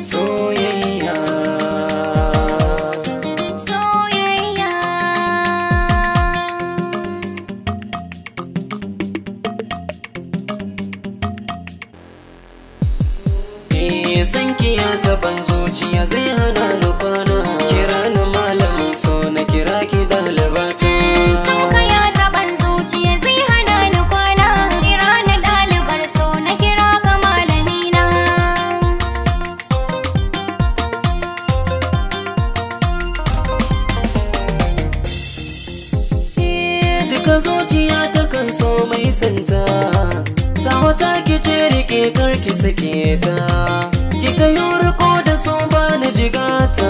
Soyayya soyayya. san kiya taban zuciya zai hana nufana kira na malamin so zuciya ta kan so mai santa ta wata ki ce rike kar ki sake ta ki ka riko da so ba na jigata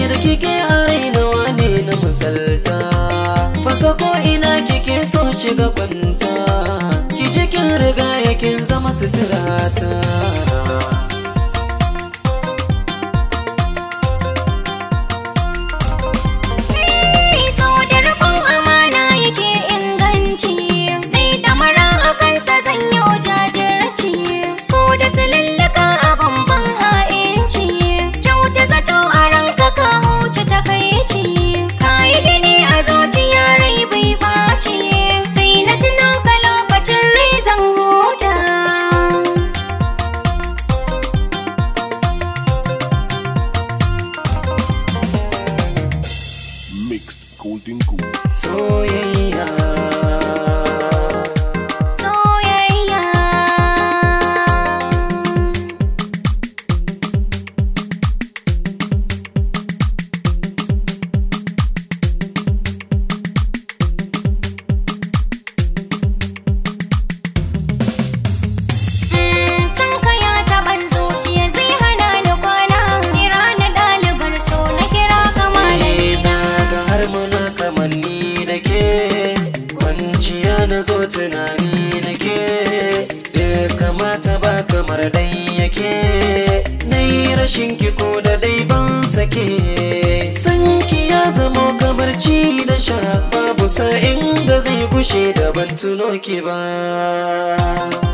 yadda kike a raina wane na misalta fasa ko ina kike so shiga kwanta ki cikin riga yakin zama suturata golden goose. na zo tunani nake da eh, kamata ba kamar dai yake na yi rashin ko da dai ban sake ki ya zama kamar ci da sha babu sa'in da zai gushe da ban tuno ki ba